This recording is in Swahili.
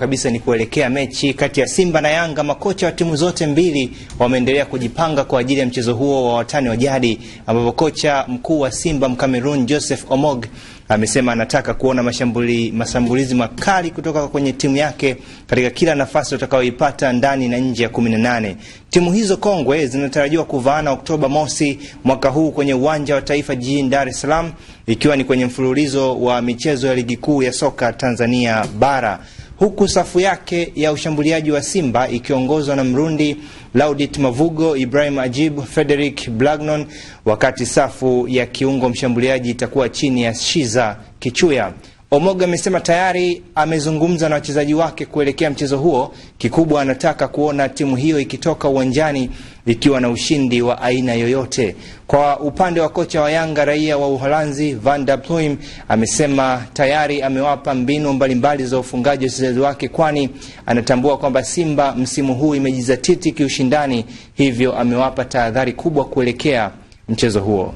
kabisa ni kuelekea mechi kati ya Simba na Yanga. Makocha wa timu zote mbili wameendelea kujipanga kwa ajili ya mchezo huo wa watani wa jadi, ambapo kocha mkuu wa Simba Mkamerun Joseph Omog amesema anataka kuona mashambuli, mashambulizi makali kutoka kwenye timu yake katika kila nafasi utakayoipata ndani na nje ya 18. Timu hizo kongwe zinatarajiwa kuvaana Oktoba mosi mwaka huu kwenye uwanja wa taifa jijini Dar es Salaam, ikiwa ni kwenye mfululizo wa michezo ya ligi kuu ya soka Tanzania bara huku safu yake ya ushambuliaji wa Simba ikiongozwa na Mrundi Laudit Mavugo, Ibrahim Ajib, Frederick Blagnon, wakati safu ya kiungo mshambuliaji itakuwa chini ya Shiza Kichuya. Omoga amesema tayari amezungumza na wachezaji wake kuelekea mchezo huo. Kikubwa anataka kuona timu hiyo ikitoka uwanjani ikiwa na ushindi wa aina yoyote. Kwa upande wa kocha wa Yanga raia wa Uholanzi Van der Pluim amesema tayari amewapa mbinu mbalimbali za ufungaji wa wachezaji wake, kwani anatambua kwamba Simba msimu huu imejizatiti kiushindani, hivyo amewapa tahadhari kubwa kuelekea mchezo huo.